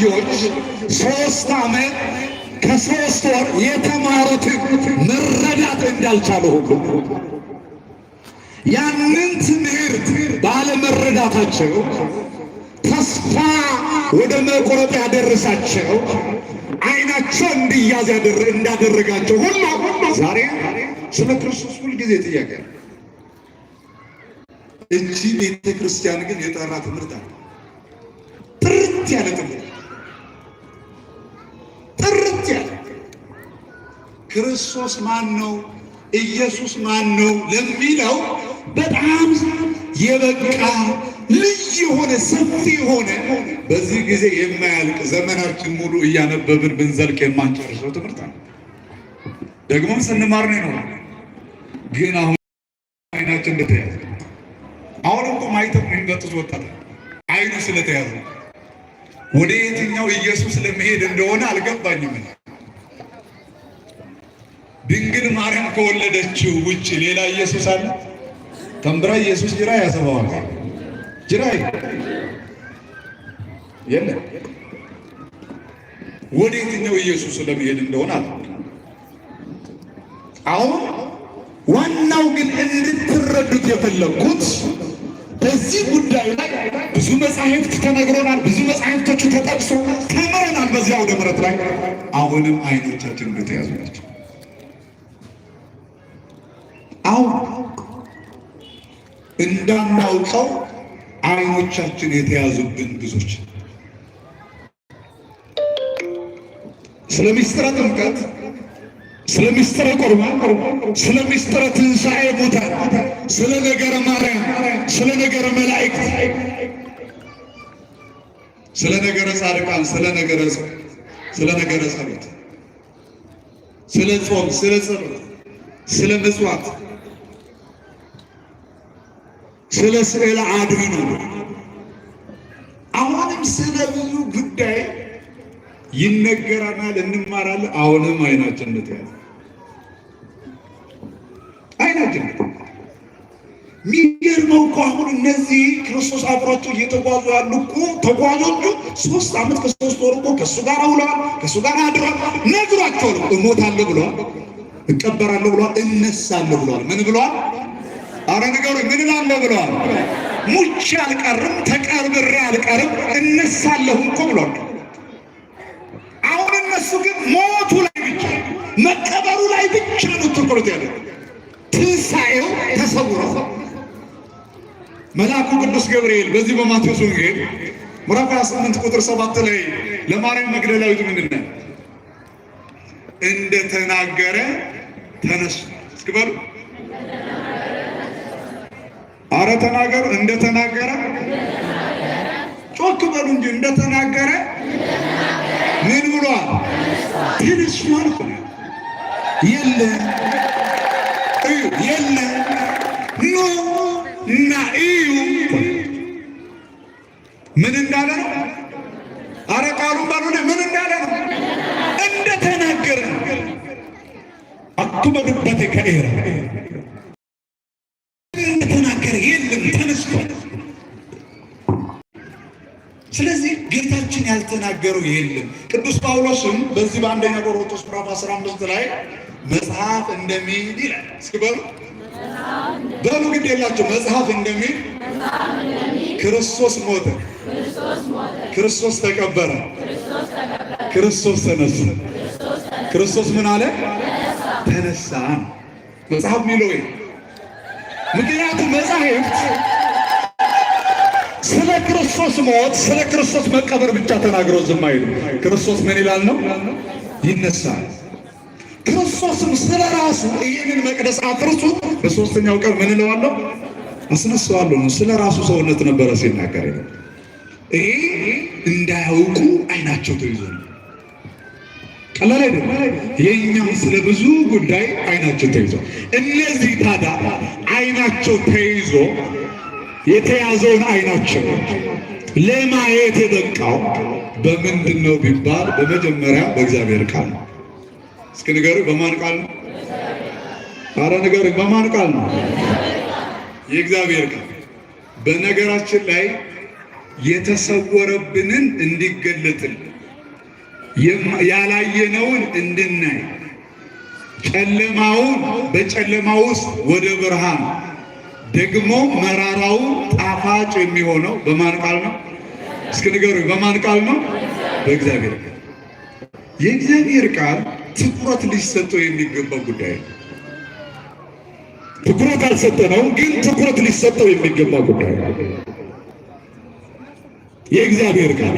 ልጆች ሶስት ዓመት ከሶስት ወር የተማሩትን መረዳት እንዳልቻለ ሁሉ ያንን ትምህርት ባለመረዳታቸው ተስፋ ወደ መቁረጥ ያደረሳቸው አይናቸው እንዲያዝ እንዳደረጋቸው ሁሉ ዛሬ ስለ ክርስቶስ ሁል ጊዜ ጥያቄ ነው። ቤተ ክርስቲያን ግን የጠራ ትምህርት አለ፣ ጥርት ያለ ትምህርት ጥርት ያለ ክርስቶስ ማን ነው? ኢየሱስ ማን ነው ለሚለው በጣም የበቃ ልዩ የሆነ ሰፊ የሆነ በዚህ ጊዜ የማያልቅ ዘመናችን ሙሉ እያነበብን ብንዘልቅ የማንጨርሰው ትምህርት ነው። ደግሞም ስንማር ነው ይኖራል። ግን አሁን አይናችን እንደተያዘ አሁን እኮ ማይተው የሚበጡት ወጣት አይኑ ስለተያዘ ወደ የትኛው ኢየሱስ ለመሄድ እንደሆነ አልገባኝም። ድንግል ማርያም ከወለደችው ውጭ ሌላ ኢየሱስ አለ? ተንብራ ኢየሱስ ጅራ ያሰባዋል ጅራ የለ። ወደ የትኛው ኢየሱስ ለመሄድ እንደሆነ አለ። አሁን ዋናው ግን እንድትረዱት የፈለግኩት በዚህ ጉዳይ ላይ ብዙ መጻሕፍት ተነግሮናል። ብዙ መጻሕፍቶቹ ተጠቅሶ ተምረናል። በዚያ አውደ ምሕረት ላይ አሁንም አይኖቻችን በተያዙ ናቸው። አሁን እንዳናውቀው አይኖቻችን የተያዙብን ብዙዎች ስለ ምስጢረ ጥምቀት ስለ ምስጢረ ቁርባን፣ ስለ ምስጢረ ትንሣኤ ሙታን፣ ስለ ነገረ ማርያም፣ ስለ ነገረ መላእክት፣ ስለ ነገረ ጻድቃን፣ ስለ ነገረ ስለ ነገረ ጸሎት፣ ስለ ጾም፣ ስለ ጸሎት፣ ስለ ምጽዋት፣ ስለ ስዕለ አድኅኖ አሁንም ስለ ብዙ ጉዳይ ይነገራናል፣ እንማራለን። አሁንም አይናችን እንደተያዘ አትመት የሚገርመው እኮ አሁን እነዚህ ክርስቶስ አብሯቸው እየተጓዙ ያሉ እኮ ተጓዦቹ ሶስት ዓመት ከሶስት ወር እኮ ከእሱ ጋር ውለዋል፣ ከእሱ ጋር አድሯል። ነግሯቸው ነው እሞታለሁ ብለዋል፣ እቀበራለሁ ብለዋል፣ እነሳለሁ ብለዋል። ምን ብለዋል? አረ ምን እላለሁ ብለዋል? ሙቼ አልቀርም፣ ተቀብሬ አልቀርም፣ እነሳለሁ እኮ አሁን እነሱ ግን ሞቱ ላይ ብቻ መቀበሩ ላይ ብቻ ነው ትኩረት ያለው። ትንሣኤው ተሰውሮ መልአኩ ቅዱስ ገብርኤል በዚህ በማቴዎስ ወንጌል ምዕራፍ 28 ቁጥር 7 ላይ ለማርያም መግደላዊት ምንድን ነው እንደ ተነሱ እስክበሉ አረ ተናገሩ እንደ ጮክ በሉ እንጂ እንደ ምን ብሏል? ትንሽ ሆነ የለ እዩ የለ ኑ እና እዩ ምን እንዳለ ነው? አረ ቃሉ ባልሆነ ምን እንዳለ ነው? እንደተናገረ አትመዱበት ከኤራ እንደተናገረ የለም ተነስቷል። ስለዚህ ጌታችን ያልተናገረው የለም። ቅዱስ ጳውሎስም በዚህ በአንደኛ ቆሮንቶስ ምዕራፍ 15 ላይ መጽሐፍ እንደሚል ይላል። እስኪ በሉ በሉ ግድ የላቸው መጽሐፍ እንደሚል ክርስቶስ ሞተ፣ ክርስቶስ ተቀበረ፣ ክርስቶስ ተነሳ። ክርስቶስ ምን አለ? ተነሳ። መጽሐፍ ሚለው ምክንያቱም መጻሕፍት ስለ ክርስቶስ ሞት፣ ስለ ክርስቶስ መቀበር ብቻ ተናግረው ዝም አይሉ። ክርስቶስ ምን ይላል ነው? ይነሳል ክርስቶስም ስለ ራሱ ይህንን መቅደስ አፍርሱ፣ በሶስተኛው ቀን ምን እለዋለሁ አስነሳዋለሁ ነው። ስለ ራሱ ሰውነት ነበረ ሲናገር ይሄ እንዳያውቁ አይናቸው ተይዞ ነው። ቀላል አይደለም። የእኛም ስለ ብዙ ጉዳይ አይናቸው ተይዞ፣ እነዚህ ታዲያ አይናቸው ተይዞ የተያዘውን አይናቸው ለማየት የበቃው በምንድን ነው ቢባል በመጀመሪያ በእግዚአብሔር ቃል ነው። እስከ ንገሩ። በማን ቃል ነው? አረ ንገሩ። በማን ቃል ነው? የእግዚአብሔር ቃል። በነገራችን ላይ የተሰወረብንን እንዲገለጥልን ያላየነውን እንድናይ ጨለማውን በጨለማ ውስጥ ወደ ብርሃን ደግሞ መራራው ጣፋጭ የሚሆነው በማን ቃል ነው? እስኪ ንገሩ። በማን ቃል ነው? በእግዚአብሔር ቃል። የእግዚአብሔር ቃል ትኩረት ሊሰጠው የሚገባ ጉዳይ ነው። ትኩረት አልሰጠነው፣ ግን ትኩረት ሊሰጠው የሚገባ ጉዳይ ነው። የእግዚአብሔር ቃል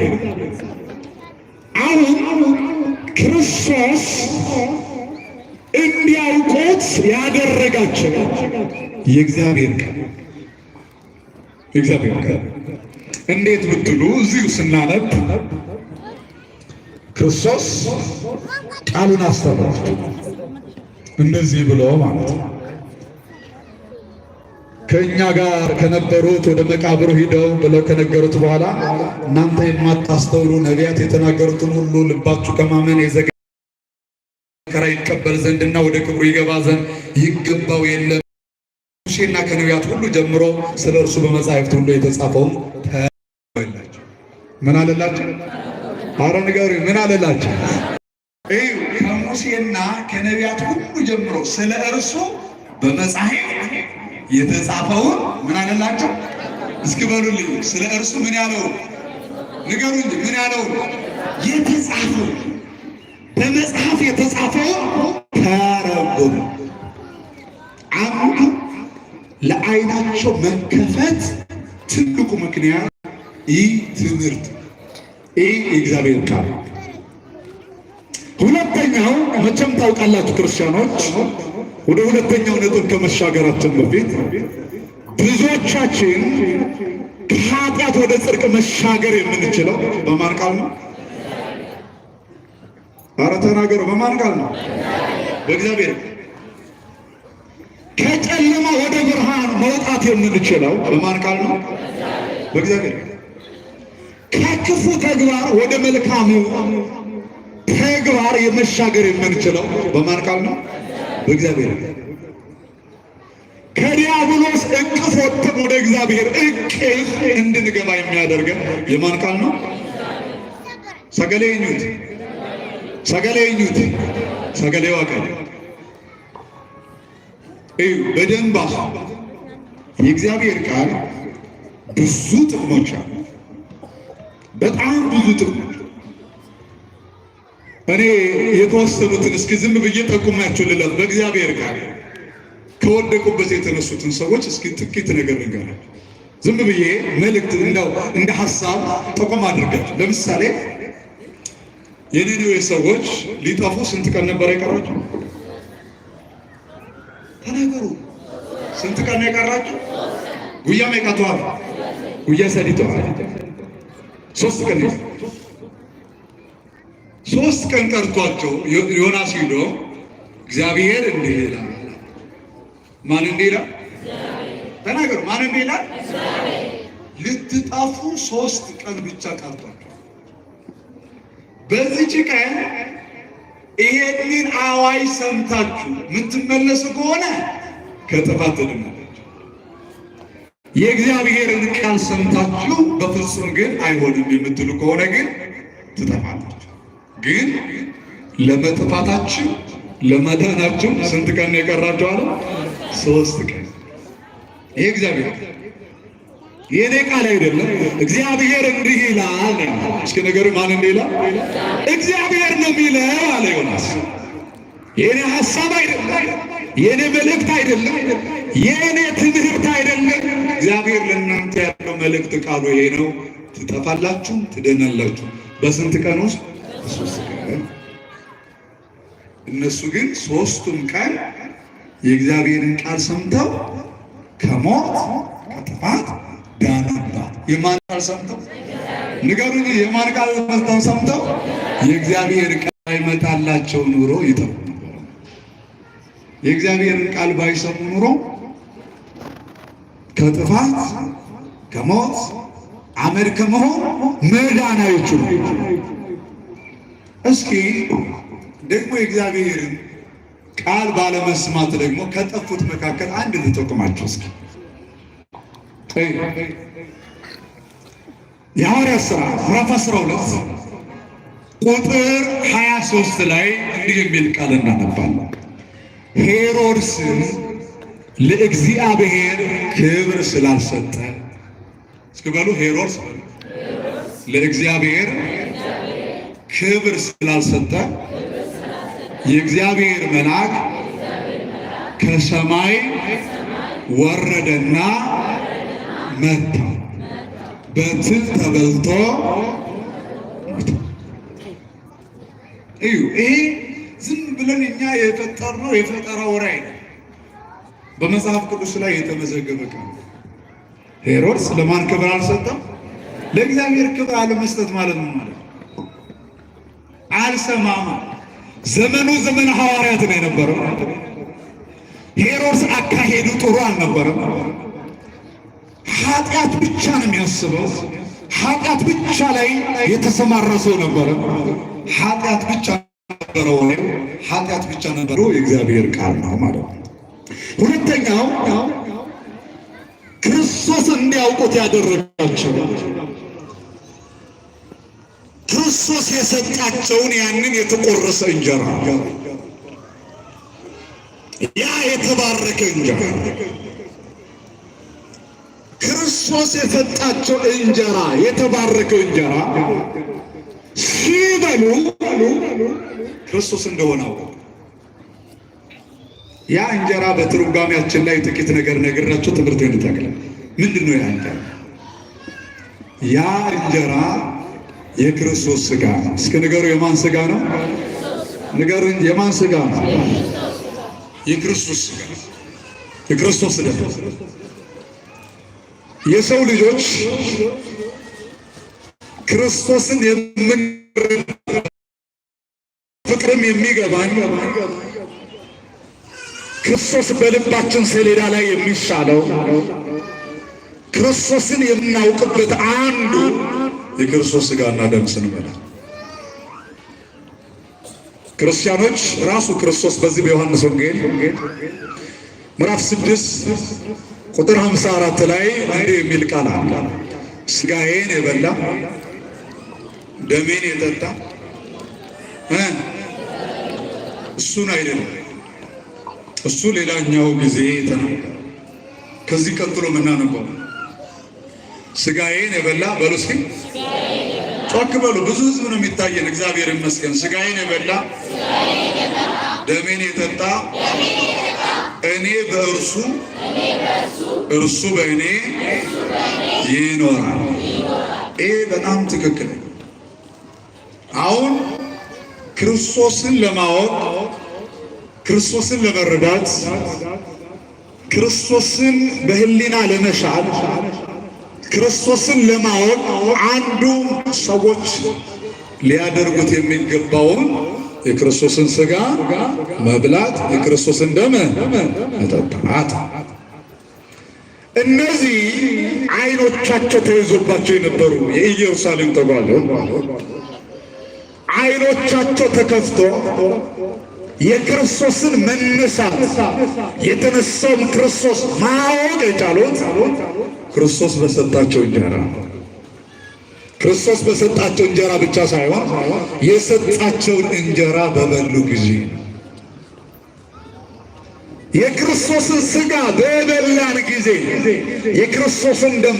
አሁን ክርስቶስ እንዲያውቁት ያደረጋቸው የእግዚአብሔር ቃል የእግዚአብሔር ቃል እንዴት ብትሉ እዚሁ ስናነብ ክርስቶስ ቃሉን አስተምሯቸው እንደዚህ ብሎ ማለት ነው። ከእኛ ጋር ከነበሩት ወደ መቃብሩ ሂደው ብለው ከነገሩት በኋላ እናንተ የማታስተውሉ ነቢያት የተናገሩትን ሁሉ ልባችሁ ከማመን የዘገ መከራ ይቀበል ዘንድና ወደ ክብሩ ይገባ ዘንድ ይገባው የለም። ሙሴና ከነቢያት ሁሉ ጀምሮ ስለ እርሱ በመጻሕፍት ሁሉ የተጻፈውን ተላቸው ምን አለላቸው አረ ንገሩ፣ ምን አለላቸው? እዩ ከሙሴና ከነቢያት ሁሉ ጀምሮ ስለ እርሱ በመጽሐፍ የተጻፈውን ምን አለላቸው? እስኪ በሉልኝ፣ ስለ እርሱ ምን ያለው ንገሩ እንጂ ምን ያለው የተጻፈው በመጽሐፍ የተጻፈው ተረጎመ። አሁን ለዓይናቸው መከፈት ትልቁ ምክንያት ይህ ትምህርት ይህ የእግዚአብሔር ቃል። ሁለተኛው መቼም ታውቃላችሁ ክርስቲያኖች፣ ወደ ሁለተኛው ነጥብ ከመሻገራችን በፊት ብዙዎቻችን ከኃጢአት ወደ ጽድቅ መሻገር የምንችለው በማን ቃል ነው? ኧረ ተናገሩ። በማን ቃል ነው? በእግዚአብሔር። ከጨለማ ወደ ብርሃን መውጣት የምንችለው በማን ቃል ነው? በእግዚአብሔር ከክፉ ተግባር ወደ መልካሙ ተግባር የመሻገር የምንችለው በማን ቃል ነው? በእግዚአብሔር ከዲያብሎስ እቅፍ ወጥተን ወደ እግዚአብሔር እቅፍ እንድንገባ የሚያደርገን የማን ቃል ነው? ሰገሌኙት ሰገሌኙት ሰገሌ ዋቀ እዩ በደንብ የእግዚአብሔር ቃል ብዙ ጥቅሞች አሉ። በጣም ብዙ ጥሩ እኔ የተወሰኑትን እስኪ ዝም ብዬ ጠቁማቸው ልላት በእግዚአብሔር ጋር ከወደቁበት የተነሱትን ሰዎች እስኪ ጥቂት ነገር ንገራል። ዝም ብዬ መልእክት እንደው እንደ ሀሳብ ጠቆም አድርጋል። ለምሳሌ የነነዌ ሰዎች ሊጠፉ ስንት ቀን ነበር የቀራቸው? ተናገሩ። ስንት ቀን የቀራቸው? ጉያ መቀቷል። ጉያ ሰዲተዋል። ሶስት ቀን ሶስት ቀን ቀርቷቸው ዮናስ ሂዶ እግዚአብሔር እንዲህ ይላል። ማን እንዲህ ይላል? ተናገሩ። ማን እንዲህ ይላል? ልትጠፉ ሶስት ቀን ብቻ ቀርቷል። በዚች ቀን ይሄንን አዋጅ ሰምታችሁ የምትመለሱ ከሆነ ከጥፋት ትድኑ የእግዚአብሔርን ቃል ሰምታችሁ በፍጹም ግን አይሆንም የምትሉ ከሆነ ግን ትጠፋላችሁ። ግን ለመጥፋታችሁ ለመዳናችሁ ስንት ቀን ነው የቀራችሁ? አለ ሶስት ቀን። ይህ እግዚአብሔር የእኔ ቃል አይደለም። እግዚአብሔር እንዲህ ይላል። እስኪ ነገር ማን እንዲላ እግዚአብሔር ነው የሚለው አለ ዮናስ። የእኔ ሀሳብ አይደለም፣ የእኔ መልእክት አይደለም፣ የእኔ ትምህርት አይደለም እግዚአብሔር ለእናንተ ያለው መልእክት ቃሉ ይሄ ነው። ትጠፋላችሁ፣ ትደናላችሁ። በስንት ቀን ውስጥ? በሶስት ቀን። እነሱ ግን ሶስቱም ቀን የእግዚአብሔርን ቃል ሰምተው ከሞት ከጥፋት ዳኑባት። የማን ቃል ሰምተው ንገሩ። የማን ቃል መተው ሰምተው የእግዚአብሔር ቃል አይመጣላቸው ኑሮ ይተው። የእግዚአብሔርን ቃል ባይሰሙ ኑሮ ከጥፋት ከሞት አመድ ከመሆን መዳናዮቹ ነው። እስኪ ደግሞ የእግዚአብሔርን ቃል ባለመስማት ደግሞ ከጠፉት መካከል አንድ ልጠቁማቸው እስኪ የሐዋርያት ሥራ ምዕራፍ 12 ቁጥር 23 ላይ እንዲህ የሚል ቃል እናነባለን። ሄሮድስም ለእግዚአብሔር ክብር ስላልሰጠ እስክበሉ ሄሮድስ ለእግዚአብሔር ክብር ስላልሰጠ የእግዚአብሔር መልአክ ከሰማይ ወረደና መታ፣ በትል ተበልቶ እዩ። ይሄ ዝም ብለን እኛ የፈጠርነው የፈጠራ ወሬ ነው። በመጽሐፍ ቅዱስ ላይ የተመዘገበ ቃል። ሄሮድስ ለማን ክብር አልሰጠም? ለእግዚአብሔር ክብር አለመስጠት ማለት ነው። ማለት አልሰማም ዘመኑ ዘመን ሐዋርያት ነው የነበረው። ሄሮድስ አካሄዱ ጥሩ አልነበረም። ኃጢአት ብቻ ነው የሚያስበው። ኃጢአት ብቻ ላይ የተሰማራ ሰው ነበረ። ኃጢአት ብቻ ወይም ኃጢአት ብቻ ነበረው። የእግዚአብሔር ቃል ነው ማለት ነው። ሁለተኛው ክርስቶስ እንዲያውቁት ያደረጋቸው ክርስቶስ የሰጣቸውን ያንን የተቆረሰ እንጀራ ያ የተባረከ እንጀራ ክርስቶስ የሰጣቸው እንጀራ የተባረከ እንጀራ ሲበሉ ክርስቶስ እንደሆነ ያ እንጀራ በትርጓሜያችን ላይ ጥቂት ነገር ነግራችሁ ትምህርት እንጠቅላል። ምንድን ነው ያ እንጀራ? ያ እንጀራ የክርስቶስ ስጋ ነው። እስከ ነገሩ የማን ስጋ ነው? ንገሩኝ፣ የማን ስጋ ነው? የክርስቶስ ስጋ፣ የክርስቶስ ደም። የሰው ልጆች ክርስቶስን የምን ፍቅርም የሚገባን ክርስቶስ በልባችን ሰሌዳ ላይ የሚሻለው ክርስቶስን የምናውቅበት አንዱ የክርስቶስ ስጋና ደም ስንበላ ክርስቲያኖች ራሱ ክርስቶስ በዚህ በዮሐንስ ወንጌል ምዕራፍ ስድስት ቁጥር አራት ላይ እንዲህ የሚል ቃል አለ። ስጋዬን የበላ ደሜን የጠጣ እሱን አይደለም እሱ ሌላኛው ጊዜ ተናገረ። ከዚህ ቀጥሎ ምናነበው ስጋዬን የበላ በሉ እስኪ ጮክ በሉ። ብዙ ህዝብ ነው የሚታየን። እግዚአብሔር ይመስገን። ስጋዬን የበላ ደሜን የጠጣ እኔ በእርሱ እርሱ በእኔ ይኖራል። ይህ በጣም ትክክል። አሁን ክርስቶስን ለማወቅ ክርስቶስን ለመረዳት ክርስቶስን በህሊና ለመሻል ክርስቶስን ለማወቅ አንዱ ሰዎች ሊያደርጉት የሚገባውን የክርስቶስን ስጋ መብላት፣ የክርስቶስን ደም መጠጣት። እነዚህ አይኖቻቸው ተይዞባቸው የነበሩ የኢየሩሳሌም ተጓለው አይኖቻቸው ተከፍቶ የክርስቶስን መነሳት የተነሳውን ክርስቶስ ማወቅ የቻሉት ክርስቶስ በሰጣቸው እንጀራ ክርስቶስ በሰጣቸው እንጀራ ብቻ ሳይሆን የሰጣቸውን እንጀራ በበሉ ጊዜ የክርስቶስን ስጋ በበላን ጊዜ የክርስቶስን ደም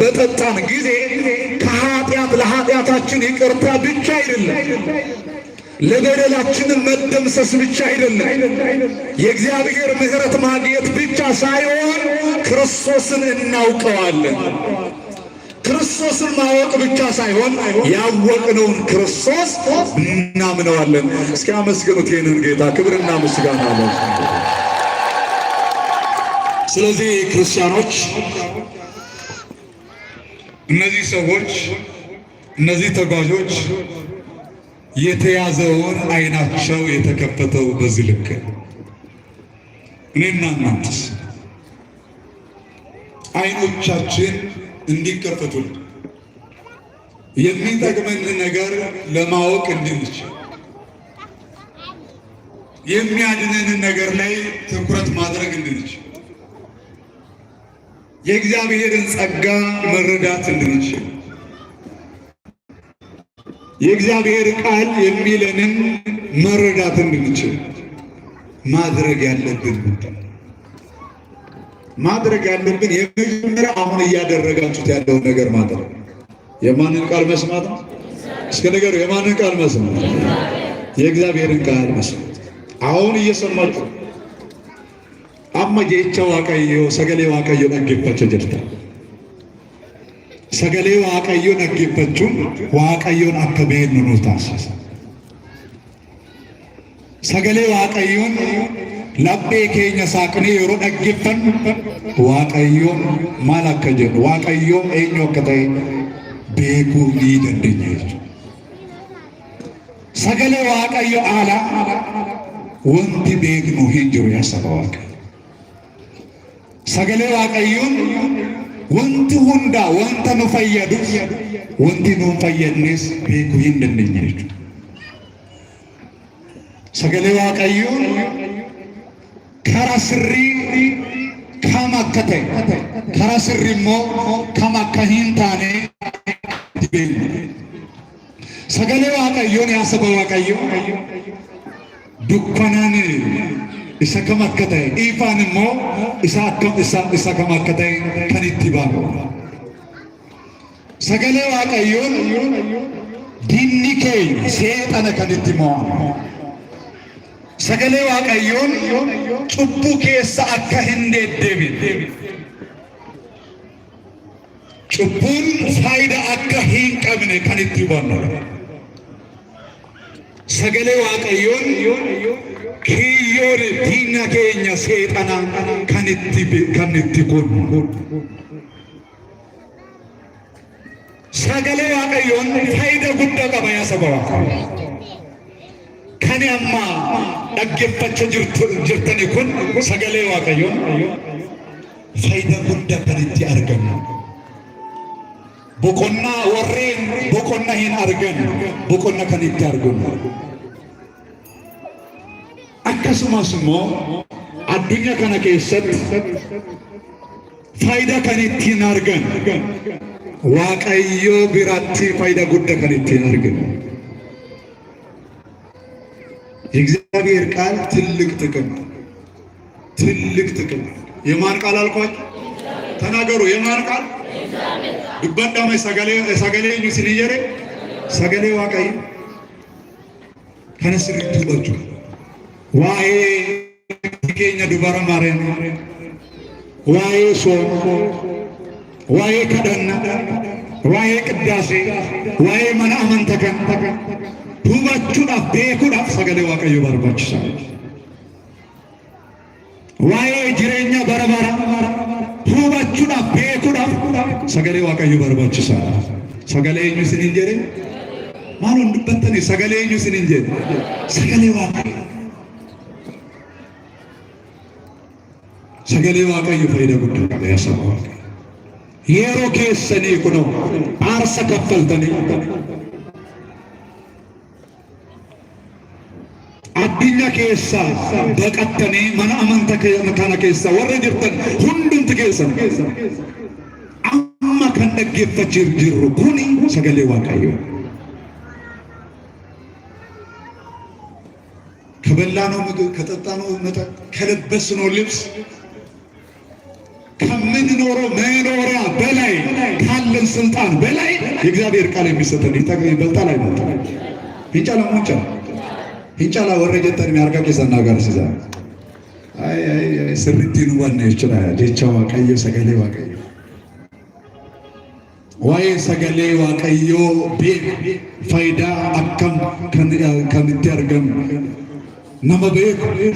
በጠጣን ጊዜ ከኃጢአት ለኃጢአታችን ይቅርታ ብቻ አይደለም ለገደላችንን መደምሰስ ብቻ አይደለም፣ የእግዚአብሔር ምሕረት ማግኘት ብቻ ሳይሆን ክርስቶስን እናውቀዋለን። ክርስቶስን ማወቅ ብቻ ሳይሆን ያወቅነውን ክርስቶስ እናምነዋለን። እስኪ አመስግኑት ይህንን ጌታ። ክብርና ምስጋና አለ። ስለዚህ ክርስቲያኖች፣ እነዚህ ሰዎች፣ እነዚህ ተጓዦች የተያዘውን አይናቸው የተከፈተው በዚህ ልክ እኔና እናንተስ አይኖቻችን እንዲከፈቱል የሚጠቅመን ነገር ለማወቅ እንድንችል የሚያድነንን ነገር ላይ ትኩረት ማድረግ እንድንችል የእግዚአብሔርን ጸጋ መረዳት እንድንችል የእግዚአብሔር ቃል የሚለንን መረዳት እንድንችል ማድረግ ያለብን ማድረግ ያለብን የመጀመሪያ አሁን እያደረጋችሁት ያለውን ነገር ማድረግ የማንን ቃል መስማት ነው? እስከ ነገሩ የማንን ቃል መስማት? የእግዚአብሔርን ቃል መስማት። አሁን እየሰማችሁ አማ ጌቻ ዋቀዮ ሰገሌ ዋቀዮ መንጌባቸው ጀድታ ሰገሌ ዋቀዮ ነጌበቹን ዋቀዮን አከበሄድ ኑኑታስ ሰገሌ ዋቀዮን ለቤ ኬኛ ሳቅኔ የሮ ነጌፈን ዋቀዮን ማል አከ ዋቀዮ ኤኞ አከተይ ቤኩ ኒ ሰገሌ ዋቀዮ አላ ወንቲ ቤክኑ ሂንጅሩ ያሰባ ሰገሌ ዋቀዮን ወንቲ ሁንዳ ወንተኑ ፈየዱ ወንቲኑን ፈየድኔስ ቤኩ ይንድንኝ ሰገሌ ዋቀዩ ከራ ከማከተ ከራ ሞ ከማከሂንታኔ ዲቤል ሰገሌ ዋቀዩን ያሰበ ዋቀዩ ዱኮናን ಇಸಕಮಕ್ಕತೆ ಈಫಾನಿಮ್ಮೋ ಇಸಾಕ ಇಸ ಇಸಕಮಕ್ಕತೆ ಕನಿತ್ತಿಬಾನು ಸಗಲೆ ವಾಕಯ್ಯೋನ್ ዲኒኬ ሴጠነ ከንቲሞ ሰገሌ ዋቀዮን ጩቡ ኬሳ አካ ህንዴ ደቢ ጩቡን ፋይዳ አካ ሂን ቀብነ ከንቲቦን ሰገሌ ዋቀዮን kiyyoon diina keenya seexanaa kan itti godhu sagalee waaqayyoon faayidaa guddaa qaba yaa saba kani amma dhaggeeffachaa jirtani kun sagalee waaqayyoon faayidaa guddaa kan itti argamu boqonnaa warreen boqonna hin argan boqonna kan itti argamu akkasumas immoo addunyaa kana keessatti faayidaa kan ittiin argan waaqayyoo biratti faayidaa guddaa kan ittiin argan የእግዚአብሔር ቃል ትልቅ ጥቅም ትልቅ ጥቅም የማን ቃል አልኳችሁ? ተናገሩ። የማን ቃል ዱበዳማ ሰገሌ ሲንየሬ ሰገሌ ዋቀይ ከነስሪቱ waa'ee keenya dubara mareen wae sooma wae kadhanna wae qiddaasee wae mana amanta kan hubachuudhaaf beekuudhaaf sagalee waaqayyo barbaachisa waa'ee jireenya bara bara hubachuudhaaf beekuudhaaf sagalee waaqayyo barbaachisa sagalee eenyu isinin jedhe maal hundubattanii sagalee eenyu isinin jedhe sagalee waaqayyo ሰገሌ waaqayዮ ፈይደ ጉዳ ያሰማ yeroo keessanii kun aarsa kaffaltanii addunyaa keessa baqattanii mana amantaa kana keessa warra jirtan hundumti keessan amma kan dhaggeeffachii jirru kun sagalee waaqayyoo ከበላነው ምግብ ከጠጣነው መጠጥ ከለበስነው ልብስ ከምንኖረው መኖሪያ በላይ ካለን ስልጣን በላይ የእግዚአብሔር ቃል የሚሰጠን ይበልጣል። አይመጣ ሂንጫላ ሞንጫ ሂንጫላ ወረጀተን የሚያርጋ ቄሰና ጋር ሲዛ ስርቲኑ ዋና ይችላ ጀቻዋ ቀየ ሰገሌ ዋቀየ ዋዬ ሰገሌ ዋቀዮ ቤ ፋይዳ አካም ከምቲ አርገም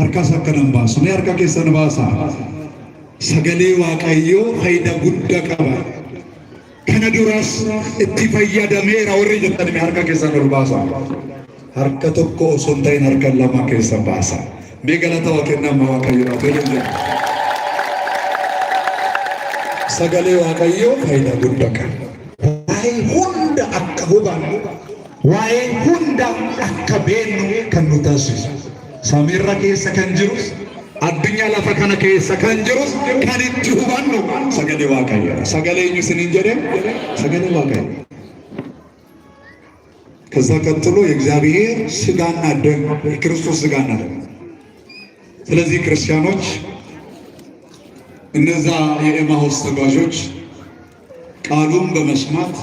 ሀርካሳ ከነንባሱ ኔ ሀርካ sagalee waaqayyoo faayidaa guddaa qaba. Kana duras itti fayyadameera warri jettan harka keessan ol baasa. Harka tokko osoo hin ta'in harka lama keessa baasa. Mee galata waa kennamaa waaqayyoodhaaf jedhu jira. Sagalee waaqayyoo faayidaa guddaa qaba. Waa'ee hunda akka hubannu, waa'ee hunda akka beeknu kan nu taasisu. Samiirra keessa kan jirus አድኛ lafa kana keessa kan jirus kan itti hubannu sagale waaqayyo sagale eenyu isinin ከዛ ቀጥሎ የእግዚአብሔር ስጋና ደም የክርስቶስ ስጋና ደም። ስለዚህ ክርስቲያኖች እነዛ የኤማሁስ ተጓዦች ቃሉን በመስማት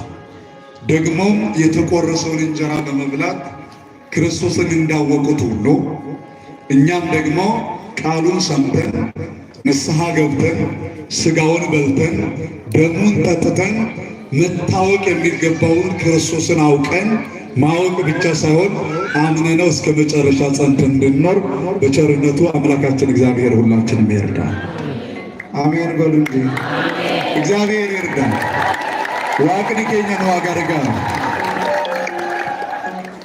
ደግሞም የተቆረሰውን እንጀራ በመብላት ክርስቶስን እንዳወቁት ሁሉ እኛም ደግሞ ቃሉን ሰምተን ንስሐ ገብተን ስጋውን በልተን ደሙን ጠጥተን መታወቅ የሚገባውን ክርስቶስን አውቀን ማወቅ ብቻ ሳይሆን አምነነው እስከ መጨረሻ ጸንተን እንድንኖር በቸርነቱ አምላካችን እግዚአብሔር ሁላችንም ይርዳል። አሜን በሉ እንጂ እግዚአብሔር ይርዳል። ዋቅን ይገኘን ዋጋ ርጋ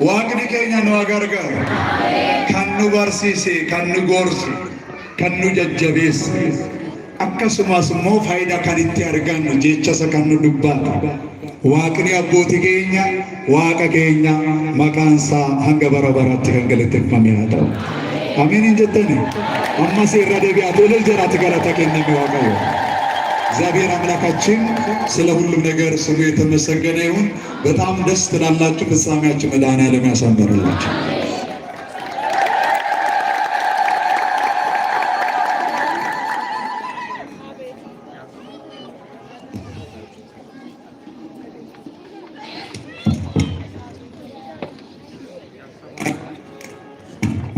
waaqni keenya nu gargaaru kan nu barsiise kan nu goorsu kan nu jajjabeessu akkasumas immoo faayidaa kan itti argannu jechasa kan nu dubbaatu waaqni abbootii keenya waaqa keenya maqaansaa hanga bara baraatti kan galateeffame haa ta'u. Ameen hin jettani ammas irra deebi'aa tolel jiraatti galata kenname waaqayyo. እግዚአብሔር አምላካችን ስለ ሁሉም ነገር ስሙ የተመሰገነ ይሁን። በጣም ደስ ትላላችሁ። ፍጻሜያችሁ መድኃኔዓለም ያሳምርላችሁ።